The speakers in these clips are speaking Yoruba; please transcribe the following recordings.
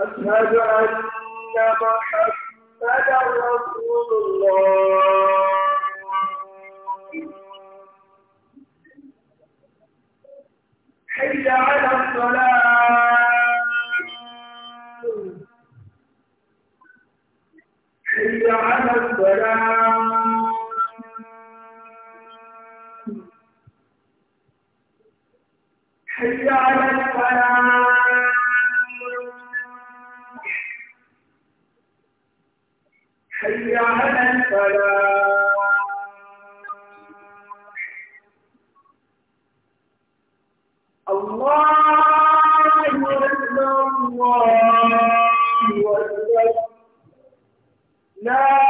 أشهد أن محمدا رسول الله حي على الصلاة حي على الصلاة حي على الصلاة حي على الفلاح الله أكبر الله أكبر لا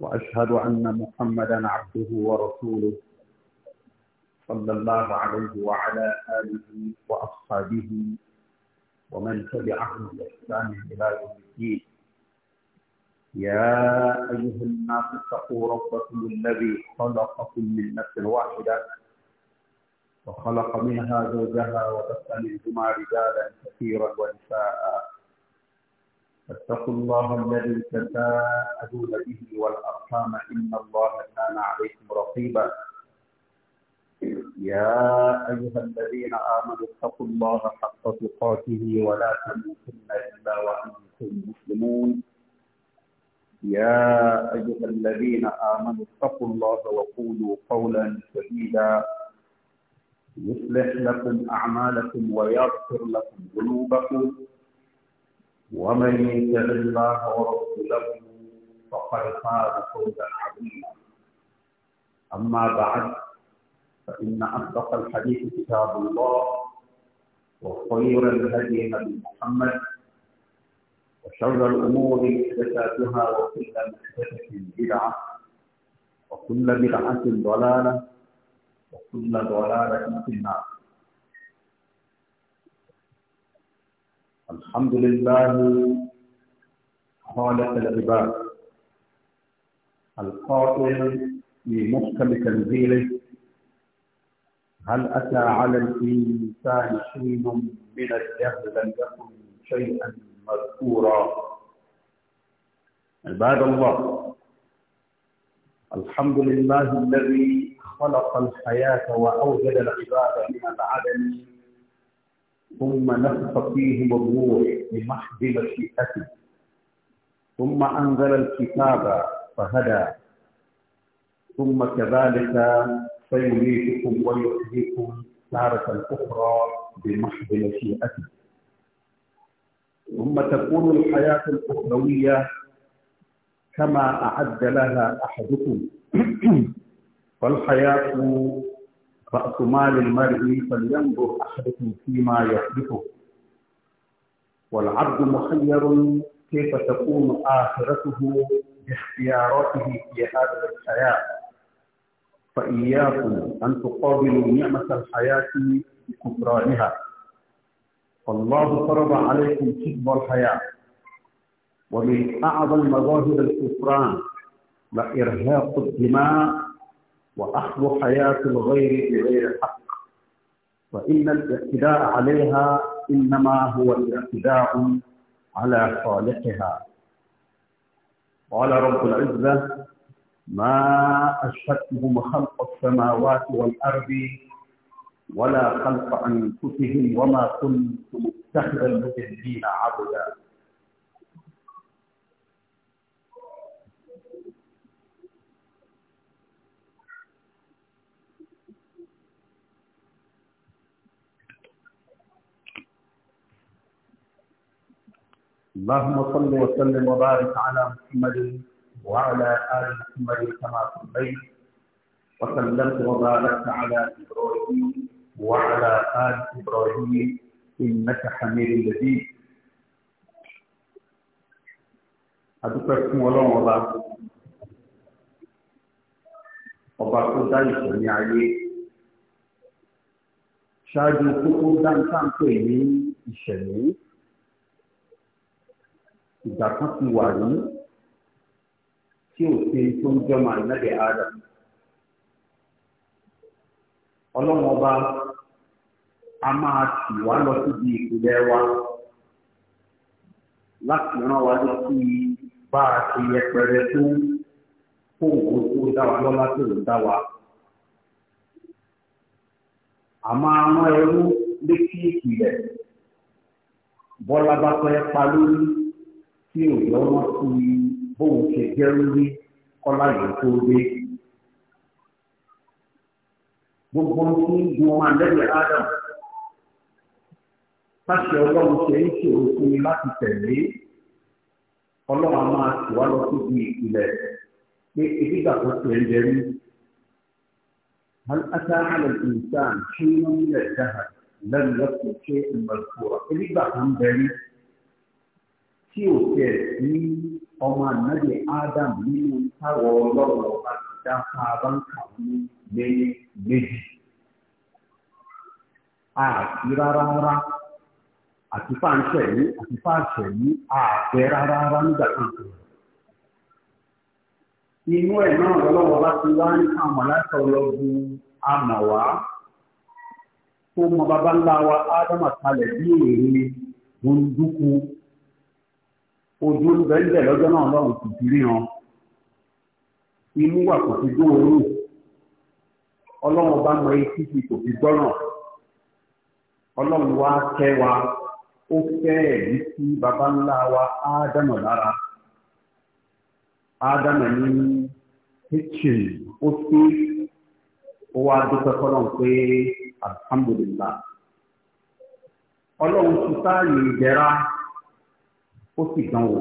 وأشهد أن محمدا عبده ورسوله صلى الله عليه وعلى آله وأصحابه ومن تبعهم بإحسان إلى يوم الدين يا أيها الناس اتقوا ربكم الذي خلقكم من نفس واحدة وخلق منها زوجها وبث منهما رجالا كثيرا ونساء فاتقوا الله الذي تساءلون به والأرحام إن الله كان عليكم رقيبا يا أيها الذين آمنوا اتقوا الله حق تقاته ولا تموتن إلا وأنتم مسلمون يا أيها الذين آمنوا اتقوا الله وقولوا قولا سديدا يصلح لكم أعمالكم ويغفر لكم ذنوبكم ومن يطع الله ورسوله فقد فاز فوزا عظيما اما بعد فان اصدق الحديث كتاب الله وخير الهدي نبي محمد وشر الامور محدثاتها وكل محدثه بدعه وكل بدعه ضلاله وكل ضلاله في النار الحمد لله خالق العباد القائل في محكم تنزيله هل أتى على الإنسان شيء من الدهر لم يكن شيئا مذكورا عباد الله الحمد لله الذي خلق الحياة وأوجد العباد من العدم ثم نفخ فيهم الروح بمحض مشيئته ثم أنزل الكتاب فهدى ثم كذلك سيميتكم ويحييكم تارة أخرى بمحض مشيئته ثم تكون الحياة الأخروية كما أعد لها أحدكم فالحياة رأس مال المرء فلينظر أحدكم فيما يحدثه والعبد مخير كيف تكون آخرته باختياراته في هذه الحياة فإياكم أن تقابلوا نعمة الحياة بكفرانها فالله فرض عليكم حفظ الحياة ومن أعظم مظاهر الكفران لإرهاق الدماء وأخذ حياة الغير بغير حق وإن الاعتداء عليها إنما هو الاعتداء على خالقها قال رب العزة ما أشهدتهم خلق السماوات والأرض ولا خلق أنفسهم وما كنت متخذا المجرمين عبدا اللهم صل وسلم وبارك على محمد وعلى آل محمد كما صليت وسلمت وباركت على إبراهيم وعلى آل إبراهيم إنك حميد مجيد أدوكم ولون وبا ọba tó ṣáájú kókó dáńtà ìgbà kan ti wà ní tí ò ṣe tó ń jọmọ ànábì adam ọlọ́run ọba a máa tì wá lọ síbi ìpìlẹ̀ wa láti rán wa létí bá a ṣe yẹpẹrẹ tó kó òun tó dá wa a máa rán ẹrú létí ìpìlẹ̀ bọ́lá bá fẹ́ tí òjò wọn fi bóun ṣe jẹ́rú rí kọ́lá yìí tó dé. Gbogbo ń tún gun ọmọ àlẹ́lẹ̀ Adam. Fáṣẹ ọlọ́run ṣe ń ṣòro fún mi láti tẹ̀lé. Ọlọ́run máa tì wá lọ síbi ìpìlẹ̀ pé ìdígbà kan tó ń jẹ rí. هل أتى على الإنسان حين من الدهر لم يكن شيء مذكورا؟ إذا كان ذلك tí ò tẹ̀ ní ọmọ ànábì Adam nínú táwọn ọlọ́run ọba ti dá a ń kà ní lẹ́yìn méjì. Àti rárá àti fáńṣẹ̀ ní àti fáńṣẹ̀ Inú ẹ̀ náà bá ti wá ní ọlọ́gun Ádámà kalẹ̀ bí ojú olùbẹ̀ ń lọ́jọ́ náà lọ́rùn kò sí rí hàn imú wà kò sí dún ọlọ́run ọba mọ etí kò ọlọ́run wá kẹ́ wa ó fẹ́ sí baba ńlá wa ádámù lára ní ó sí ó wá dúpẹ́ pé alhamdulilah ọlọ́run ti ó sì dán wò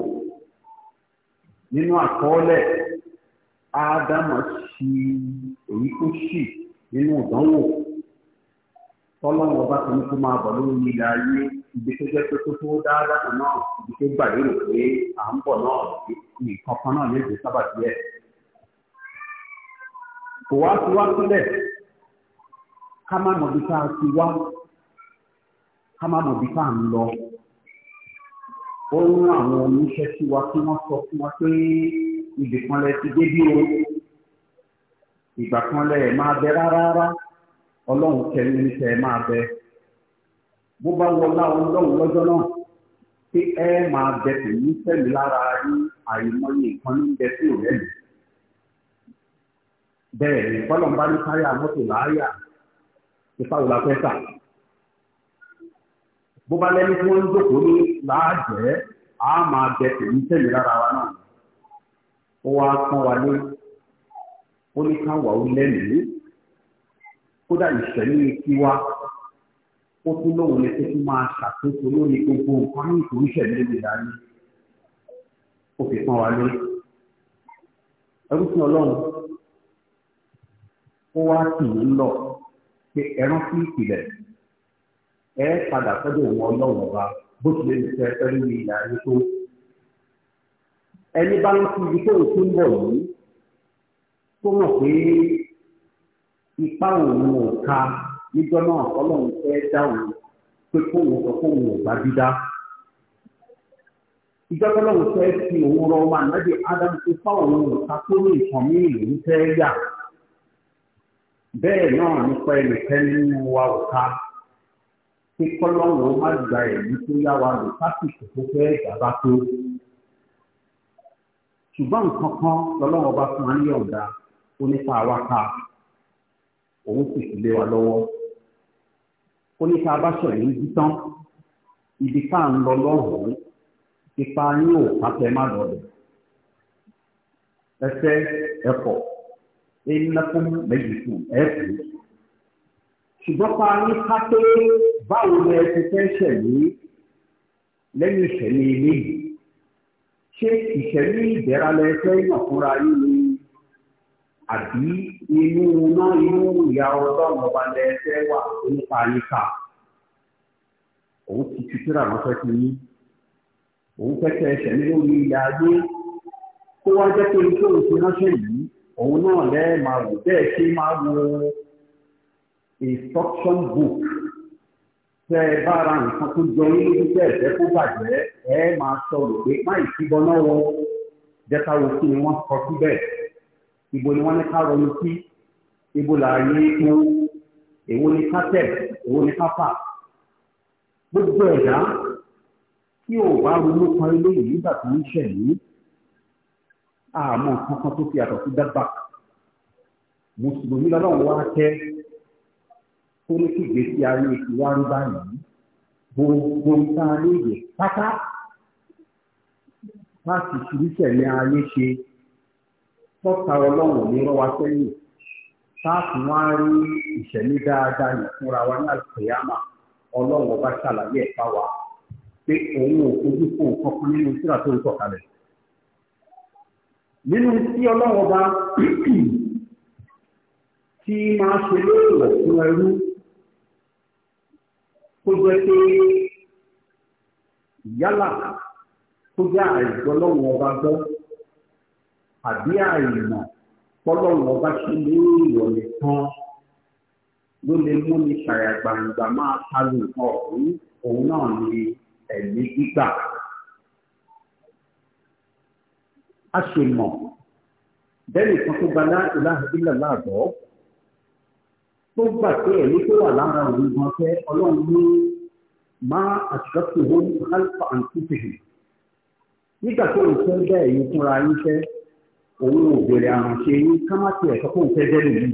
nínú àkọọ́lẹ̀ ádámà ṣi èyí tó ṣì nínú ìdánwò tọ́lọ́wọ́ bá ti ní kó máa bọ̀ lórí ilẹ̀ ayé ibi tó jẹ́ pé tó tó dáadáa náà ibi tó gbà lérò pé à ń bọ̀ náà nìkan kan náà lè dé sábà díẹ̀. kò wá sí wá sílẹ̀ ká má mọ̀ bí ká ti wá ká má mọ̀ bí lọ. ó ń rán àwọn oníṣẹ́ sí wa kí wọ́n sọ fún wa pé ibì lẹ ti dé bí o ìgbà kan lẹ máa bẹ rárá ọlọ́run kẹrin ní sẹ máa bẹ bó bá wọlá ọlọ́run lọ́jọ́ náà pé ẹ máa bẹ pẹ̀lú sẹ́mi lára yín àìmọye nǹkan ní bẹ sí òun ẹ̀mí bẹ́ẹ̀ ni bọ́lọ̀ ń bá ní bó bá lẹ́ni tí wọ́n ń jókòó ní láàjẹ́ á máa bẹ tèmi tẹ̀lé lára wa náà ó wá pọ́n wa lé ó ní káwa ó lẹ́mìí kódà ìṣẹ̀lẹ̀ kí wa ó tún lóun ní tuntun máa ṣàkóso lórí gbogbo nǹkan ní ìtòríṣẹ̀ lórí ìdarí ó fi pọ́n wa lé ẹrú ọlọ́run ó wá tì í lọ pé ẹran fún ìpìlẹ̀ ẹ padà sọ́dọ̀ òun ọlọ́run ọba bó tilẹ̀ ní fẹ́ pẹ́lú ìlà yín tó. ẹni bá ń fi ibi tó ń tún bọ̀ yìí tó mọ̀ pé ipá òun ò ka níjọ́ náà ọlọ́run fẹ́ dá òun pé kóun sọ kóun ò gbá dídá. ìjọ tọ́lọ́run fẹ́ fi òun rọ ọmọ ànábì ádámù tó fá òun ò ka tó ní nǹkan míì lòún fẹ́ yà. bẹ́ẹ̀ náà nípa ẹnìkan nínú wa ò ka pé kọ́lọ́wọ́ má gba ẹ̀mí tó yá wa lò sásìkò tó fẹ́ ìjàmbá tó. ṣùgbọ́n nǹkan kan lọ́lọ́wọ́ bá fún wa ní ọ̀dà ó nípa àwa ká òun sì sì lé wa lọ́wọ́. ó ní ká bá sọ̀rọ̀ ní títán ibi tá ń lọ lọ́hùn ipa yín ò kápẹ́ má lọ́dọ̀. ẹsẹ̀ ẹ̀kọ́ ẹ̀ńlẹ́kùn méjì fún ẹ̀kú. ṣùgbọ́n pa yín ká pé báwo ni ẹ ti fẹ́ ṣẹ̀lú lẹ́yìn ìṣẹ̀lẹ̀ ilé yìí ṣé ìṣẹ̀lẹ̀ ìdẹ́ra lẹ fẹ́ yàn fúnra yín ni àbí inú náà inú ìyá ọlọ́run ọba lẹ fẹ́ wà nípa yíká òun ti fi síra ránṣẹ́ sí yín òun fẹ́ kẹ́ ṣẹ̀lẹ̀ lórí ilé ayé kó wá jẹ́ pé iṣẹ́ òun ti ránṣẹ́ yìí òun náà lẹ́ẹ̀ máa wò bẹ́ẹ̀ ṣe máa wo instruction book tẹ ẹ bá ra nǹkan tó jọ yín lójú tẹ ẹ̀fẹ́ kó bàjẹ́ ẹ máa sọ̀rọ̀ pé má ìsíbọn náà wọ jẹ́ka wo kí ni wọ́n sọ síbẹ̀ ibo ni wọ́n ní ká ronú sí ibo làáyé mú èwo ni ká tẹ̀ èwo ni ká fà gbogbo ẹ̀dá tí ò bá ronú kan eléyìí nígbà tó ń ṣẹ̀yìn àmọ́ nǹkan tó fi àtọ̀ sí dábàá mùsùlùmí lọ́lọ́run wá tẹ́ tó ní kí ìgbésí ayé ìwà ń bá yìí gbogbo ìta léde pátá láti ṣiríṣẹ́ ní ayé ṣe tọ́ta ọlọ́run ní rọ́wá sẹ́yìn táàkì wá rí ìṣẹ̀lẹ̀ dáadáa yìí fúnra wa ní àlùkòyàmà ọlọ́run ọba ṣàlàyé ẹ̀ka wa pé òun ò fojú fò kankan nínú síra tó ń sọ̀kalẹ̀. nínú tí ọlọ́run ọba tí máa ṣe lóòrò fún ẹrú kó jẹ́ pé yálà kó jẹ́ àìgbọ́lọ́wọ́ ọba gbọ́ àbí àìmọ̀ kọ́lọ́wọ́ ọba ṣe lè ìrọ̀lẹ́ tán ló lè mú ní ṣàyà gbàǹgbà máa palu nǹkan ọ̀hún òun náà ni ẹ̀mí gbígbà. a ṣe mọ̀ bẹ́ẹ̀ nìkan tó gba láìláà ìlàlá àbọ̀ tó gbà pé ẹ̀mí tó wà lára òun gan fẹ́ ọlọ́run ní máa àṣìṣọ́tò wọn alfa and tupihi nígbà tó ń fẹ́ bẹ́ẹ̀ yín fúnra yín fẹ́ òun ò bèrè àrànṣe yín ká má tiẹ̀ sọ pé òun fẹ́ bẹ́ẹ̀ lòun.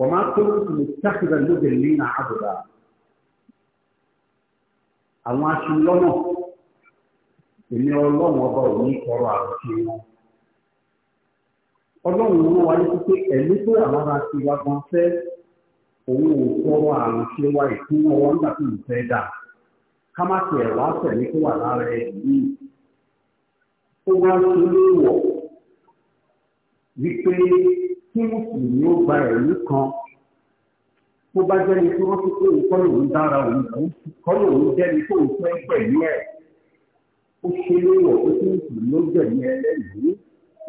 وما كنت متخذا المجرمين عبدا àwọn aṣọ lọ́nà èmi ọlọ́run ọba ò ní ọlọ́run ló wáyé pé ẹ̀mí pé àwọn máa ti wá kan fẹ́ òun ò tọrọ àrùn ṣe wá ìpínlẹ̀ wọn nígbà tí ìlú fẹ́ dà ká má tiẹ̀ wá tẹ̀lé tó wà lára ẹ̀ yìí ó wá ṣe léèwọ̀ wípé kí mùsùlùmí ó gba ẹ̀mí kan tó bá jẹ́ni tí wọ́n ti pé nǹkan lòun dára òun kọ́ lòun jẹ́ni tó ń fẹ́ gbẹ̀mí ẹ̀ ó ṣe léèwọ̀ pé kí mùsùlùmí ó gbẹ̀mí ẹlẹ́yìí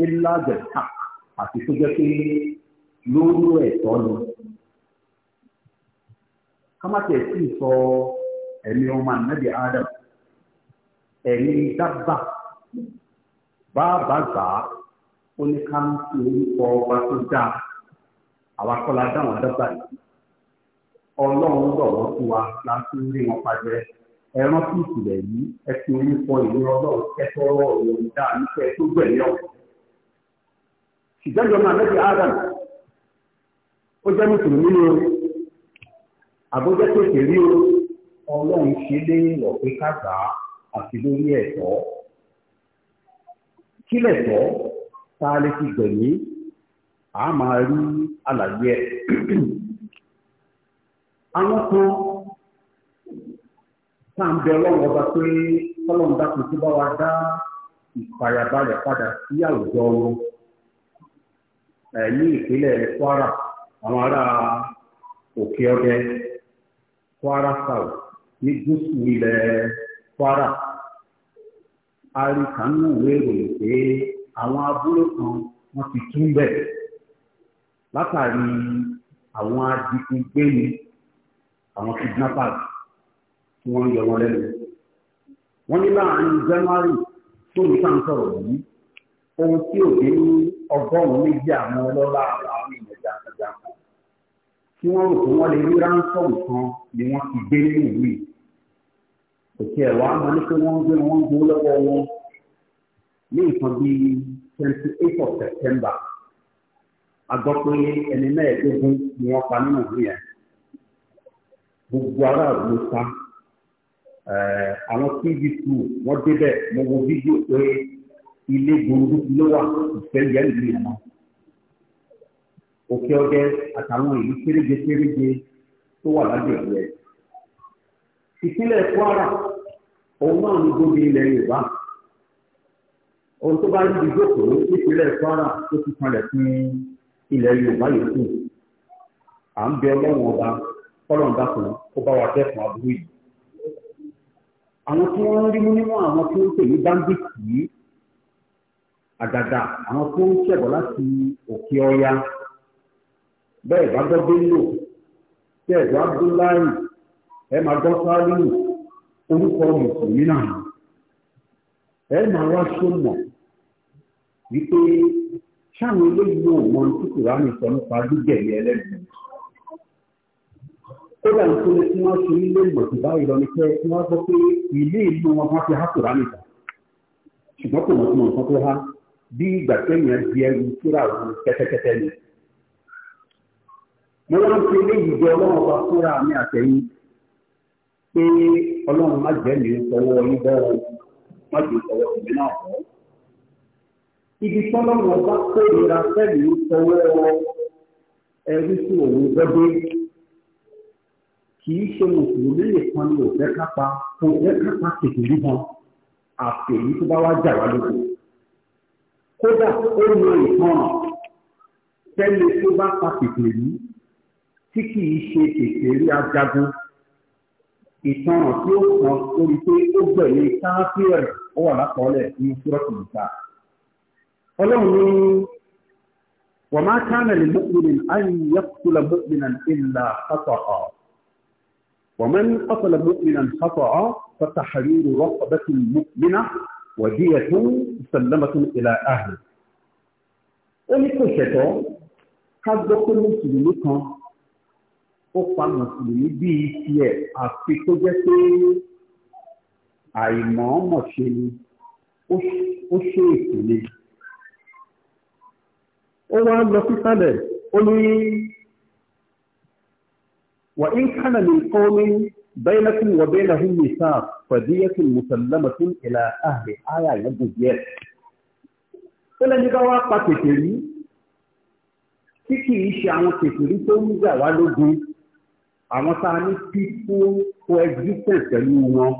ẹ̀ lábẹ̀ kàkà àti tó jẹ́ pé lórí ẹ̀tọ́ ni kámátẹ̀ sì sọ ẹ̀mí ọmọ ànábì Adam ẹ̀mí dábà bàbá gbà á ó ní ká ń fi orúkọ ọba tó dáa àwa kọ́lá dáwọn dábà yìí ọlọ́run lọ́wọ́ fún wa la fi ń rí wọn pàjẹ́ ẹran fún ìsìlẹ̀ yìí ẹ orúkọ ìlú ọlọ́run kẹ́tọ́ ọ̀rọ̀ ìdá nípa ẹ tó gbẹ̀yìn ṣùgbọ́n ọma àbẹ́bí adam ó jẹ́ o àbójẹ́ tó ọlọ́run ṣe lé lọ kàgbà àti lórí ẹ̀tọ́ kí lẹ̀tọ́ tá lè fi gbẹ̀mí a máa rí àlàyé ẹ̀ àwọn kan tá à ń bẹ ọlọ́run ọba pé dákun tó ní ìpínlẹ̀ Kwara àwọn ará òkè ọdẹ Kwara South ní gúúsù ilẹ̀ Kwara a rí kánú ìwé pé àwọn abúlé kan wọ́n ti tún bẹ̀ látàrí àwọn adigungbéni àwọn kidnappers tí wọ́n ń yọ wọn lẹ́nu wọ́n ní láàárín January tó ní sáà ń yìí ohun tí òde ní ọgọ́rùn-ún méjì àwọn ọlọ́lá àwọn èèyàn jàǹkàjàǹkà kí wọ́n rò pé wọ́n lè rí ránṣọ́ọ̀mù kan ni wọ́n ti gbé nínú ìwé òkè ẹ̀rọ àmọ́ ní pé wọ́n ń gbé wọ́n ń gbó lọ́wọ́ wọn ní nǹkan bíi twenty eight of September a gbọ́ pé ẹni mẹ́ẹ̀ẹ́dógún ni wọ́n pa nínú ìwé yẹn gbogbo aráàlú ló sá àwọn tv two wọ́n débẹ̀ mo wo fídíò pé. ilé gbogbo ló wà ìfẹ́ yẹn lè yàn Òkè ọdẹ àtàwọn ìlú kéréje kéréje tó wà lágbègbè ẹ̀. Ìpínlẹ̀ Kwara òun náà ní gómìnà ilẹ̀ Yorùbá. Ohun tó bá rí ìjókòó ìpínlẹ̀ Kwara tó ti kanlẹ̀ fún ilẹ̀ Yorùbá yòókù. À ń bẹ ọlọ́run ọba dákun kó bá wa dẹ́kun yìí. Àwọn tí wọ́n ń rí mú nínú àwọn àgàgà àwọn tó ń ṣẹ̀bọ̀ láti òkè ọya bẹ́ẹ̀ bá gbọ́ bello bẹ́ẹ̀ bá abdullahi ẹ máa gbọ́ sálíù orúkọ mùsùlùmí náà ẹ máa wá sọmọ wípé sáwọn eléyìí náà mọ ní kùránì sọ nípa gbígbẹ̀mí ẹlẹ́nu kódà nítorí tí wọ́n ṣe nílé ìmọ̀tì báyìí lọ ní pé tí wọ́n gbọ́ pé ilé ìlú wọn wọ́n fi há kùránì ṣùgbọ́n kò mọ̀ sí wọn kan tó há bí ìgbà téèyàn di ẹrù síra òun kẹ́tẹ́kẹ́tẹ́ ni. mo wá ń fi eléyìí jẹ ọlọ́run ọba fúnra mi àtẹ̀yìn pé ọlọ́run má jẹ́ mi sọ́wọ́ yín bẹ́ẹ̀ má jẹ́ sọ́wọ́ èmi náà fọ́. ibi tọ́lọ́run ọba kórìíra fẹ́ẹ̀lì sọ́wọ́ ẹrú sí òun gbọ́dọ̀ kì í ṣe mùsùlùmí nìkan ni òfẹ́ kápá kò fẹ́ kápá kìkìrí kan àfẹ̀yí tó bá wá jà wá lóko. kódà ó lo ìmọ̀ràn tẹ́lẹ̀ tó bá pa kèké rí tí kì í ṣe kèké rí ajagun ìtọ̀ràn tí ó kàn lórí pé ó gbẹ̀lé káfíẹ̀ ó wà lápọ̀ọ́lẹ̀ ní sírọ́ọ̀tì nìta. ọlọ́run ní wọ́n máa kánà lè mọ́kùnrin ayé yẹ́kùtùlà mọ́kùnrin ìlà pátákọ̀. ومن قتل مؤمنا خطأ فتحرير رقبة مؤمنة ودية مسلمة إلى أهله ó ní kò ṣẹ̀tọ́ ká gbọ́ pé mùsùlùmí kan ó pa mùsùlùmí bíi tiẹ̀ àfi tó jẹ́ pé àìmọ̀ọ́mọ̀ ṣe ni ó ṣe ètò ó wá lọ sísàlẹ̀ ó ní wà ń kánà ní kọ́ ní bainakum وبينهم bainahum فدية مسلمة إلى أهل آية aya yẹn bìyẹ. ó lẹ́ni ká wá pa kèfèrí tí kì í ṣe àwọn kèfèrí tó ń jà wá lógun àwọn tá a ní peaceful coexistence pẹ̀lú wọn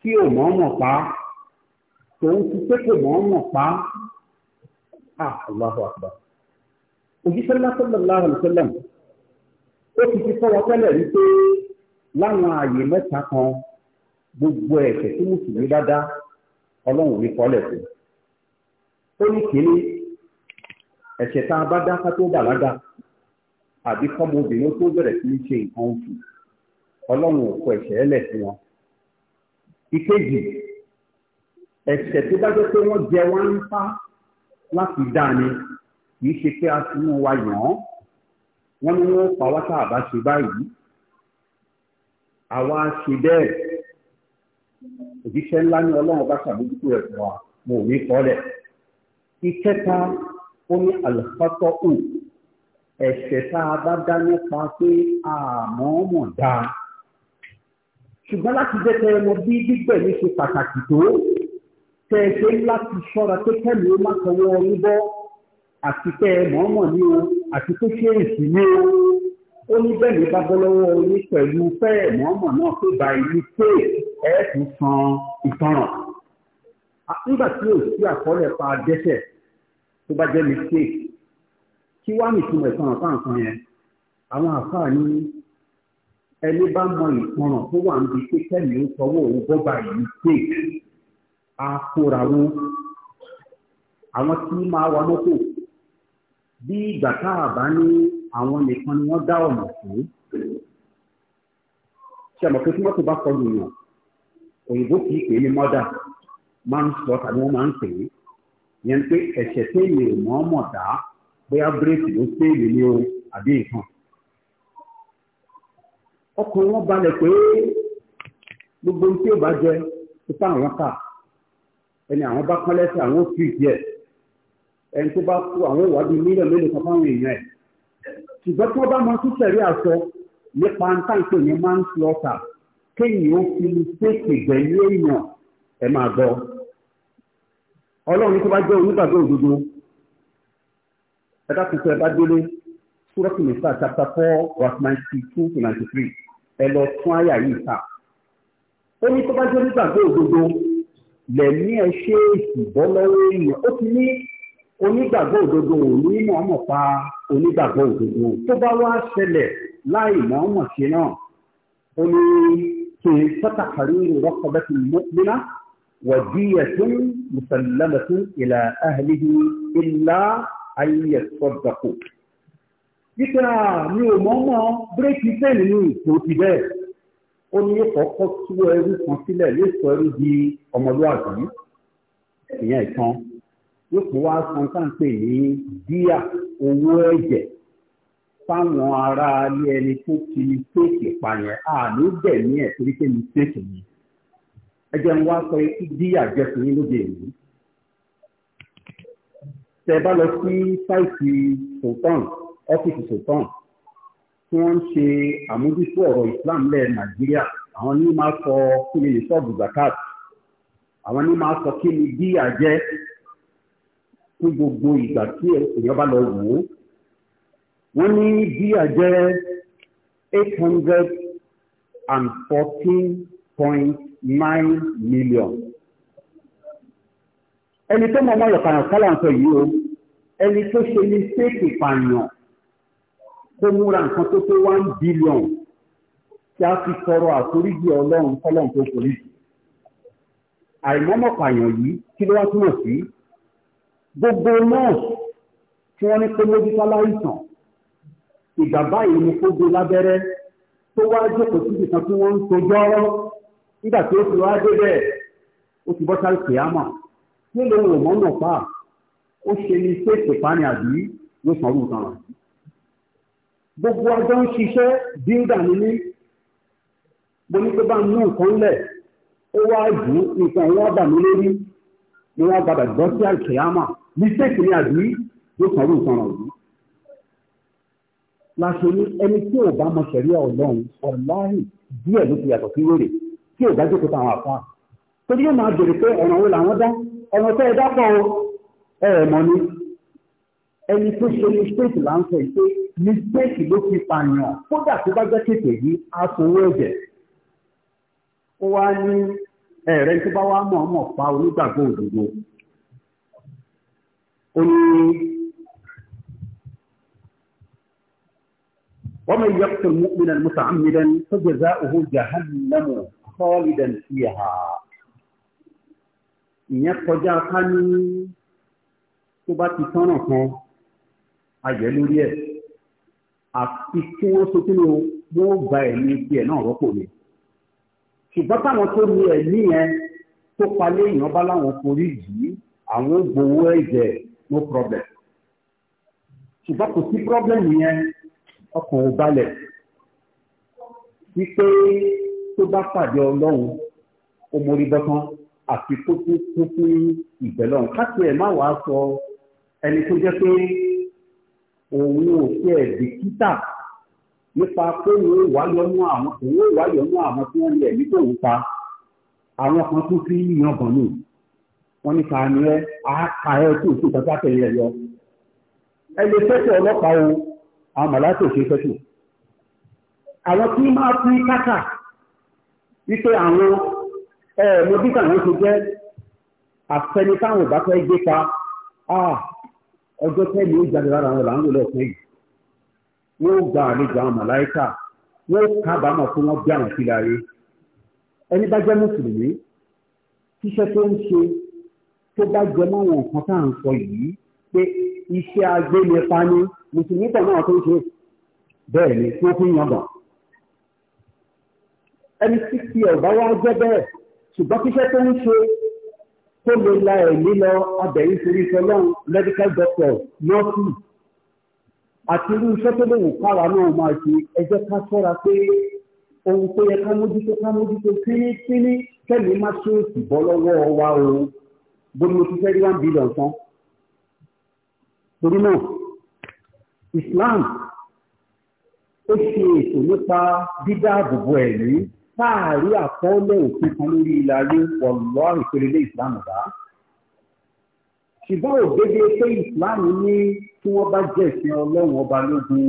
tí ò mọ̀ọ́mọ̀ pa tòun ti pé kò mọ̀ọ́mọ̀ pa ah Allahu òjíṣẹ́ lásán lọ́la àlùfẹ́lẹ̀ ó ti fi fọwọ́ tẹ́lẹ̀ rí pé láwọn ààyè mẹ́ta kan gbogbo ẹ̀ṣẹ̀ tí mùsùlùmí bá dá ọlọ́run ní kọ́lẹ̀ fún ó ní kínní ẹ̀ṣẹ̀ tá a bá dá ká tó bàlágà àbí kọ́mọ obìnrin tó bẹ̀rẹ̀ sí í ṣe nǹkan oṣù ọlọ́run ò kọ ẹ̀ṣẹ̀ ẹlẹ̀ fún wọn. ìkejì ẹ̀ṣẹ̀ tó bá jẹ́ pé wọ́n jẹ wá ń pa láti dá ni kì í ṣe pé a ti mú wa yàn án wọ́n ní wọ́n pa wá tá báyìí àwa ṣe bẹ́ẹ̀ òjíṣẹ́ ńlá ní ọlọ́run bá ṣàbójútó rẹ̀ fún wa mo ò ní kọ́lẹ̀. ìkẹta ó ní àlùfáàtọ̀ ò ẹ̀ṣẹ̀ tá a bá dá nípa pé àmọ́mọ̀ dá ṣùgbọ́n láti jẹ́ kẹ́ ẹ mọ bí ṣe pàtàkì tó tẹ́ ẹ ṣe láti ṣọ́ra pé kẹ́mi ó má sanwó ọyún bọ́ àti tẹ́ ẹ mọ̀ọ́mọ̀ ní o àti pé ṣé èsì ní o ó ní bẹ́ẹ̀ ní bá bọ́ lọ́wọ́ orí pẹ̀lú fẹ́ẹ̀ mọ́mọ́ náà pé báyìí pé ẹ tún san ìtanràn nígbà tí ò sí àkọọ́lẹ̀ pa dẹ́sẹ̀ tó bá jẹ́ mistake kí wá nìtumọ̀ ìtanràn fáǹkan yẹn àwọn àfáà ní ẹni bá mọ ìtanràn tó wà níbi pé kẹ́mi ń sọwọ́ òun bọ́ báyìí mistake á kóra wọn àwọn tí máa wa mọ́tò bí ìgbà tá a bá ní àwọn nìkan ni wọ́n dá ọ̀nà fún ṣe àmọ̀ pé tí mọ́tò bá kọlu yàn òyìnbó kì í pè é ní mọ́dà máa ń sọ tàbí wọ́n máa ń pè é yẹn pé ẹ̀ṣẹ̀ téèyàn ò mọ́ mọ̀ dá bóyá bírèkì ló téèyàn ní o àbí nǹkan. ọkùnrin wọn balẹ̀ pé gbogbo ohun tí ò bá jẹ ipá àwọn kà ẹni àwọn bá kán lẹ́sẹ̀ àwọn ò fi ìdí ẹ̀ ẹni tó bá kú àwọn ìwádìí mílíọ̀nù mélòó kan fáwọn èèyàn ẹ̀ ṣùgbọ́n tí wọ́n bá mọ sísẹ̀rí àṣọ nípa ntàǹpẹ̀ ní máa ń fi ọ̀tà kéèyàn ó fi ṣéèkì gbẹ̀lú èèyàn ẹ̀ máa gbọ́ ọlọ́run tó bá jẹ́ onígbàgbọ́ òdodo ẹ̀dá tuntun ẹ̀ bá délé sùrọ́tù nìfà chapter four verse ninety two to ninety three ẹ lọ tún àyà yìí kà ó ní tó bá jẹ́ onígbàgbọ́ òdodo lẹ̀mí ẹ̀ ṣe èsì bọ́ lọ́wọ́ èèyàn ó ti ní onígbàgbọ́ òdodo ò ní mọ̀ọ́mọ̀ pa onígbàgbọ́ òdodo tó bá wá ṣẹlẹ̀ láì mọ̀ọ́mọ̀ sí náà ó ní kí n pátákàrí rọ́kọ̀bẹ́tì mọ́tìmínà wàdíyẹ̀tún mùsàlámẹ́tún ìlà ahìlìhì ìlà ayẹ̀sọ̀dọ̀kọ̀. Títà mi ò mọ̀ọ́mọ̀ bírèkì bẹ́ẹ̀ nínú ìtò ti bẹ́ẹ̀. Ó ní kọ́kọ́ tú ẹrú kan sílẹ̀ yóò ẹrú di ọmọlúwàbí. Ìyẹn ìtàn yóò kó wá san tá à ń pè ní díà owó ẹ̀jẹ̀ fáwọn ará ilé ẹni tó ti mistake pààyàn àánú gbẹ̀mí ẹ̀ torí pé mistake ni ẹ jẹ́ ń wá sọ ikú díà jẹ́ fún yín lóde èyí. tẹ bá lọ sí sáìtì sultan ọ́fíìsì sultan tí wọ́n ń ṣe àmójútó ọ̀rọ̀ Islam lẹ̀ Nàìjíríà àwọn ní máa sọ kí ni ìṣọ́ọ̀bù zakat àwọn ní máa sọ kí ni díà jẹ́ ní gbogbo ìgbà tí èèyàn bá lọ wò ó wọ́n ní díà jẹ́ eight hundred and fourteen point nine million ẹni tó mọ̀ ọmọ yọ̀kàyàn kálá ń sọ yìí o ẹni tó ṣe ní séèkì pààyàn tó múra nǹkan tó tó one billion tí a fi tọrọ àforíjì ọlọ́run kọ́lọ́run tó forí jù àìmọ́mọ̀ pààyàn yìí kí ló wá túmọ̀ sí gbogbo nọ́ọ̀sì tí wọ́n ní pé mójútó aláìsàn ìgbà báyìí ni kó gbé lábẹ́rẹ́ tó wá jókòó síbi kan tí wọ́n ń tojọ́rọ́ nígbà tí ó ti wá dé bẹ́ẹ̀ ó ti bọ́ sáré kìámà yóò lè rò mọ́nà pa ó ṣe ní séèpì pani àbí yóò sàn rúùtàn rà gbogbo ọjọ́ ń ṣiṣẹ́ bíńdà ni mí mo ní pé bá ń mú nǹkan lẹ̀ ó wá jù nǹkan ìwọ́n bà mí lórí ni wọ́n gbàdà gbọ́ sí àkìámà mistake ni àbí yóò kàwé nǹkan rà òbí. láṣọ ní ẹni tí ò bá mọ sẹ̀ríà ọlọ́run ọ̀láhì díẹ̀ ló ti yàtọ̀ sí wèrè tí ò bá jókòó táwọn àfa. torí yóò máa bèrè pé ọ̀nà wo làwọn dá ọ̀nà tẹ́ ẹ dápọ̀ ẹ ẹ̀ mọ́ ni. ẹni tó ṣe mistake là ń sọ yìí pé mistake ló fi pààyàn kódà tó bá jẹ́ kéèké yìí á sanwó ẹ̀jẹ̀. ó wá ní ẹ̀rẹ́ tó bá wá mọ̀ ọmọ pa onígbàgbọ́ òdodo ó ní wọ́n mọ̀ ìyá pẹ̀lú mọ́kùnrin mọ́ta àmìlẹ́n tó jẹ́ zá òhó jahannamu khalidan fiha ìyẹn kọjá ká ní tó bá ti tọ́nà kan ayẹ̀ lórí ẹ̀ àfi kí wọ́n so kí wọ́n náà rọ́pò ni ṣùgbọ́n táwọn tó ní ẹ̀mí yẹn tó palẹ̀ èèyàn láwọn forí yìí àwọn gbowó ẹ̀jẹ̀ no problem ṣùgbọ́n kò sí problem yẹn ọkàn ò balẹ̀ wípé tó bá pàdé ọlọ́run ó mórí bọ́tán àti kó tó kó fún ìbẹ̀lọ́run káàkiri ẹ̀ má wàá sọ ẹni tó jẹ́ pé òun ò tiẹ̀ bìkítà nípa pé òun ò wá yọnú àwọn òun ò wá yọnú àwọn tí wọ́n lẹ̀ nígbà òun pa àwọn kan tó fi ń yan bọ̀ nù wọ́n ní kàá ní ẹ́ àápa ẹ́ tó tó kọjá tẹ̀lé ẹ̀ yọ. ẹ lè fẹ́tọ̀ ọlọ́pàá o àwọn màláìkò ṣe fẹ́tọ̀. àwọn tí máa fi kákà wípé àwọn ẹ̀ẹ̀mọ bí káwọn ṣe jẹ́ àfẹni táwọn ìbá fẹ́ gbé pa ọjọ́ tẹ́lẹ̀ ó jáde lára wọn là ń lò yìí. wọ́n gba àlejò àwọn màláìkà wọ́n kábàámọ̀ pé wọ́n bí àwọn sí láyé. ẹni bá jẹ́ mùsùlùmí tíṣẹ́ tó ń ṣe tó bá jẹ mọ́ àwọn nǹkan tá à ń sọ yìí pé iṣẹ́ agbénipa ni mùsùlùmí pẹ̀lú àwọn tó ń ṣe bẹ́ẹ̀ ni tí wọ́n fi ń yangàn. ẹni sixty ọ̀gá wa jẹ́ bẹ́ẹ̀ ṣùgbọ́n kíṣẹ́ tó ń ṣe tó lè la ẹ̀mí lọ abẹ̀yìn torí iṣẹ́ lọ́run medical doctor nọ́ọ̀sì àti irú iṣẹ́ tó lè wù káwa náà máa ṣe ẹ jẹ́ ká ṣọ́ra pé ohun tó yẹ ká mójútó ká mójútó fínífíní kẹ́mi má ṣe òsì bọ́ lọ́wọ́ wa o bó ni mo ti fẹ́ rí one billion tán torí náà Islam ó ṣe ètò nípa dídáàbòbò ẹ̀mí káàrí àkọọ́lẹ̀ òfin kan lórí ilẹ̀ ayé wọ̀lọ́ ìpele Islam bá ṣùgbọ́n ògbége pé Islam ní tí wọ́n bá jẹ́ ìsìn ọlọ́run ọba lógun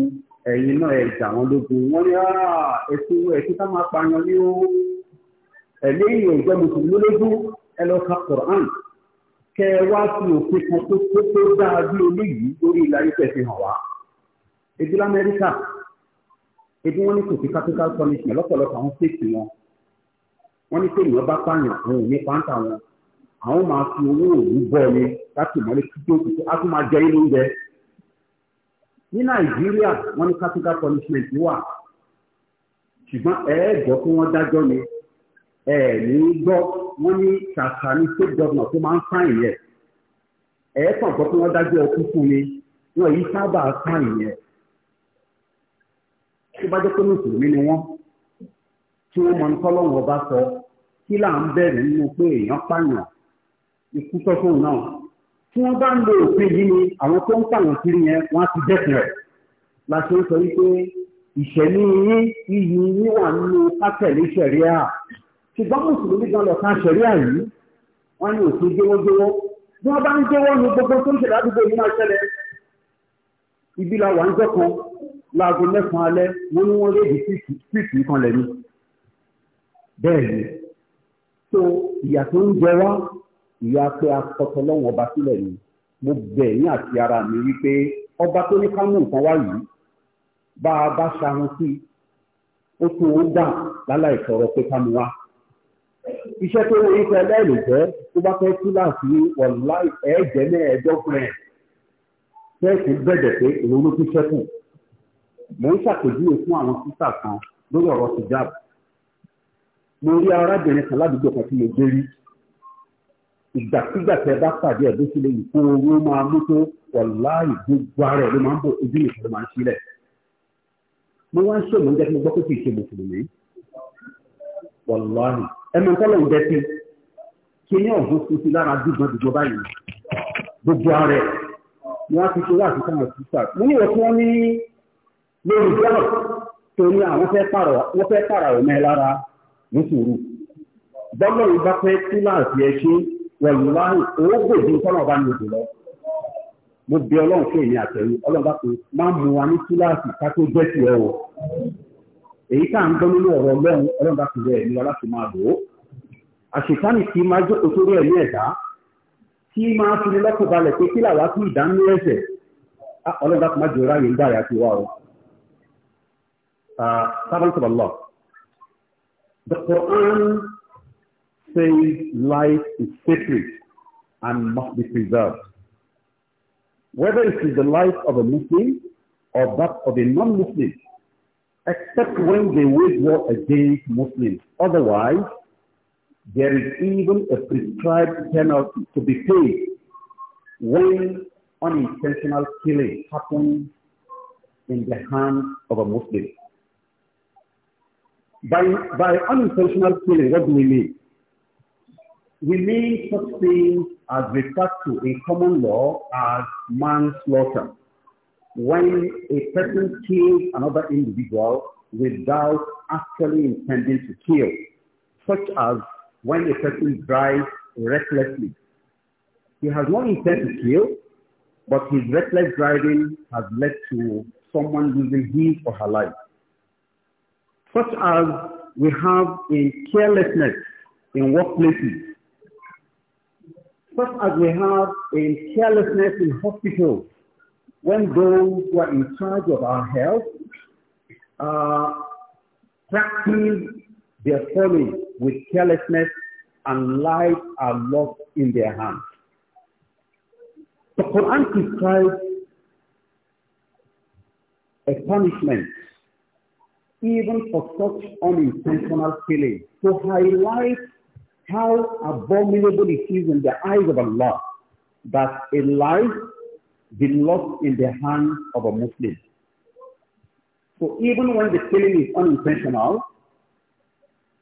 ẹ̀yin náà ẹ̀jà wọn lógun wọ́n ní ah, ẹ̀sìn ẹ̀sìn ká máa ní ó ẹ̀lẹ́yìn òjọ́ mùsùlùmí lógún ẹ lọ ka Quran kẹ wá sí òfin kan tó tó tó dáa bí eléyìí lórí ìlàrí tẹ̀sí hàn wá. Ebi l'Amẹ́ríkà, ebi wọ́n ní kò sí capital punishment lọ́pọ̀lọpọ̀ àwọn stéètì wọn. Wọ́n ní pé ènìyàn bá pààyàn àwọn òní pàǹtà wọn. Àwọn máa fi owó òwú bọ̀ ni láti mọ́lé títí òkú tó á tún máa jẹ inú oúnjẹ. Ní Nàìjíríà, wọ́n ní capital punishment wà. Ṣùgbọ́n ẹ̀ẹ́dọ̀ kí wọ́n dájọ́ ni ẹ̀ẹ́ ní gbọ́ wọ́n ní kàkà ní state governor tó máa ń sáìn yẹn ẹ̀ẹ́kàn gbọ́ pé wọ́n dájọ́ ọkú fún mi wọn yìí sábà sáìn yẹn tó bá jẹ́ pé mùsùlùmí ni wọ́n tí wọ́n mọ nǹkan lọ́wọ́ bá sọ kí là ń bẹ̀rẹ̀ nínú pé èèyàn pààyàn ikú sọ́kùn náà tí wọ́n bá ń lo òfin yìí ni àwọn tó ń pààyàn kiri yẹn wọ́n á ti dẹ́kun rẹ̀ la ṣe ń sọ wípé ìṣẹ̀lú yín iyì yín wà nínú kátẹ̀lé ṣẹ̀ríà ṣùgbọ́n mùsùlùmí gan lọ kan ṣẹ̀rí àyè wọ́n ní òfin jẹ́wọ́jẹ́wọ́ bí wọ́n bá ń jẹ́wọ́ ní gbogbo tó ń ṣẹlẹ̀ àdúgbò yìí máa ṣẹlẹ̀ ibi la wà ń jẹ́ kan láago mẹ́sàn-án alẹ́ wọ́n ní wọ́n rédi síìtì kan lẹ́nu bẹ́ẹ̀ ni tó ìyà tó ń jẹ wá ìyà pé akọ̀tọ̀ lọ́wọ́ ọba sílẹ̀ ni mo bẹ̀ ní àti ara mi wípé ọba tó ní ká mú nǹkan wá yìí bá a bá ṣahun sí ó tún ó gbà láláì sọ̀rọ̀ pé ká wá iṣẹ́ tó wọ ife ẹlẹ́rìí jẹ́ tó bá fẹ́ kíláàsì wọ̀lá ẹ̀ẹ́jẹ́ mẹ́ẹ̀ẹ́dọ́gbọ̀n ẹ̀ fẹ́ẹ̀sì bẹ̀rẹ̀ pé èrò ló tún ṣẹ́kù mò ń ṣàpèjúwe fún àwọn sísà kan lórí ọ̀rọ̀ sìgáàb mo rí arábìnrin kan ládùúgbò kan tí mo gbé rí ìgbàkígbà tí ẹ bá pàdé ẹ bó ṣe lè yìí fún owó máa mú tó wọ̀lá ìgbógbó ara ẹ ló máa ń bò ojú nìkan ló máa ẹnu tọ́lọ̀ ń dẹ́sí kí ní ọ̀gbọ́n tó ti lára dùgbọ́n dùgbọ́n báyìí gbogbo ààrẹ wọ́n ti ṣe láti sáwọn sísà mo ní ìwọ̀n tí wọ́n ní lórí gbọ́dọ̀ tó ní àwọn fẹ́ pààrọ̀ wọ́n fẹ́ pààrọ̀ ọ̀mẹ́ lára ní sùúrù gbọ́dọ̀ yìí bá fẹ́ láti ẹ ṣe wọ̀nyí láàyè owó gbòdì tọ́lọ̀ bá ní òdò mo bí ọlọ́run fún èmi àtẹ̀yìn ọlọ́run bá pè má mú wa ní túláàsì ká tó jẹ́ tiẹ̀ o èyí tá à ń gbọ́ nínú ọ̀rọ̀ ọlọ́run ọlọ́run bá kùnú ẹ̀mí wa láti máa lò ó àṣetánì kì í máa jókòó sórí ẹ̀mí ẹ̀dá kì í máa fi lọ́kàn balẹ̀ pé kí làwa tún ìdánú ẹ̀sẹ̀ ọlọ́run bá kùnú má jòrò ráyè ń dàrẹ́ àti wa o. sábàǹtì The Quran says life is sacred and must be preserved. Whether it is the life of a Muslim or that of a non-Muslim, except when they wage war against Muslims. Otherwise, there is even a prescribed penalty to be paid when unintentional killing happens in the hands of a Muslim. By, by unintentional killing, what do we mean? We mean such things as referred to in common law as manslaughter when a person kills another individual without actually intending to kill, such as when a person drives recklessly. He has no intent to kill, but his reckless driving has led to someone losing his or her life. Such as we have in carelessness in workplaces, such as we have in carelessness in hospitals, when those who are in charge of our health uh, practice their folly with carelessness and lives are lost in their hands. The Quran describes a punishment even for such unintentional killing to highlight how abominable it is in the eyes of Allah that a life be lost in the hands of a Muslim. So even when the killing is unintentional,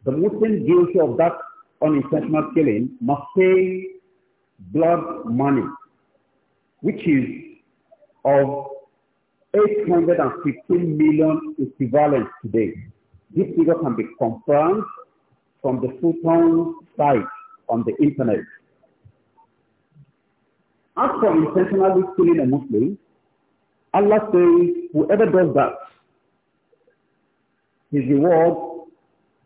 the Muslim guilty of that unintentional killing must pay blood money, which is of 815 million equivalent today. This figure can be confirmed from the Sultan's site on the internet. As for intentionally killing a Muslim, Allah says, whoever does that, his reward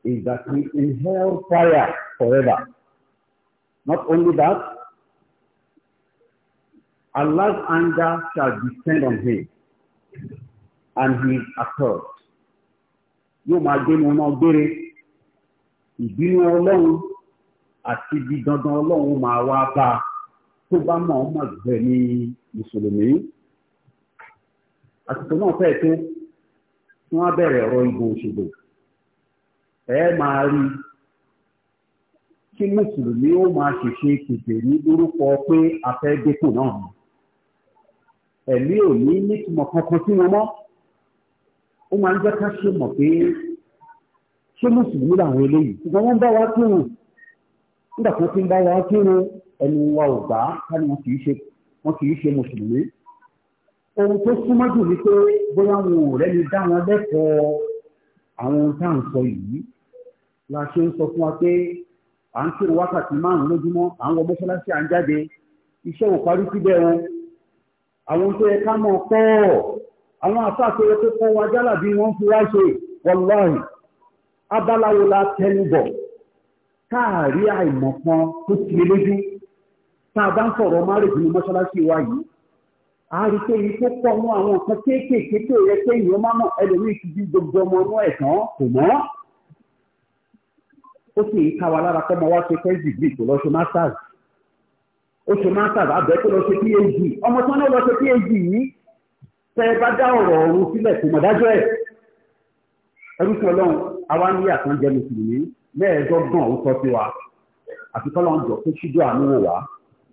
is that he inhales fire forever. Not only that, Allah's anger shall descend on him, and he is accursed. Yóò máa gbé ní ọmọ gbére, ìbínú Ọlọ́run àti ibi dandan Ọlọ́run máa wá bá a tó bá mọ̀ ọ́n mọ̀ bẹ́ẹ̀ ni mùsùlùmí àsìkò náà fẹ́ tó wọ́n á bẹ̀rẹ̀ ọ̀rọ̀ ìbò òṣèlú ẹ máa rí kí mùsùlùmí ó máa ṣèṣe kìtè ní lórúkọ pé a fẹ́ dépò náà ni ẹ̀mí ò ní nítumọ̀ kankan sí wọn mọ́ ó máa ń jẹ́ ká ṣe mọ̀ pé ṣé mùsùlùmí làwọn eléyìí ṣùgbọ́n wọ́n ń bá wa kírun nígbà kan tí ń bá wa kírun ẹnu wa ò gbà ká ni wọn kì í ṣe wọn kì í ṣe mùsùlùmí ohun tó súnmọ́ jù ni pé bóyá wọn ò rẹ́ni dá wọn lẹ́kọ̀ọ́ àwọn ohun tá à ń sọ yìí la ṣe ń sọ fún wa pé à ń kírun wákàtí márùn-ún lójúmọ́ à ń wọ mọ́ṣáláṣí à ń jáde iṣẹ́ ò parí síbẹ̀ o àwọn tó yẹ ká mọ̀ pọ̀ àwọn àfáàfẹ́ yẹ kó kọ́ wa jálà bí wọ́n fi wá ṣe wọláì abáláwo la tẹnu bọ̀ káàrí àìmọ̀kan tó ti lójú tá a bá ń sọ̀rọ̀ márùn-ún ní mọ́ṣáláṣí wa yìí a rí pé ibi tó pọ̀ mọ́ àwọn nǹkan kéékèèké tó yẹ pé èèyàn máa mọ̀ ẹlòmíì ti di gbogbo ọmọ ọmọ ẹ̀sán kò mọ́ ó sì ń ká wa lára pé ọmọ wa ṣe fẹ́ dìgbì kò lọ ṣe masters ó ṣe masters abẹ́ tó lọ ṣe phd ọmọ tí wọ́n náà lọ ṣe phd yìí tẹ́ ẹ bá dá ọ̀rọ̀ ọ̀run sílẹ̀ kò mọ̀ dájọ́ ẹ̀ ẹrú sí ọlọ́run àwa ní àtúnjẹ mùsùlùmí mẹ́ẹ̀ẹ́dọ́gbọ̀n ó sọ sí wa àti kọ́lọ́ọ̀jọ tó ṣíjú àánú wò wá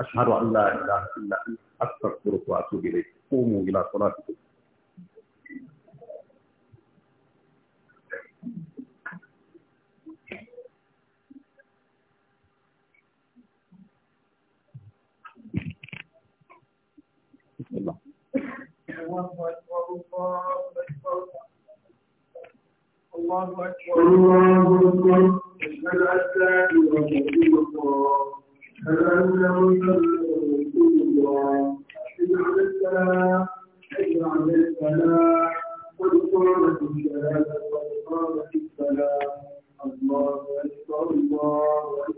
أشهد أن لا إله إلا أنت أستغفرك وأتوب إليك قوموا إلى صلاتكم بسم الله الله أكبر الله أكبر أشهد أن لا إله فلأنه يصلي الله حين على السلام حين على السلام قد قامت الصلاة قد قامت السلام الله أكبر الله أكبر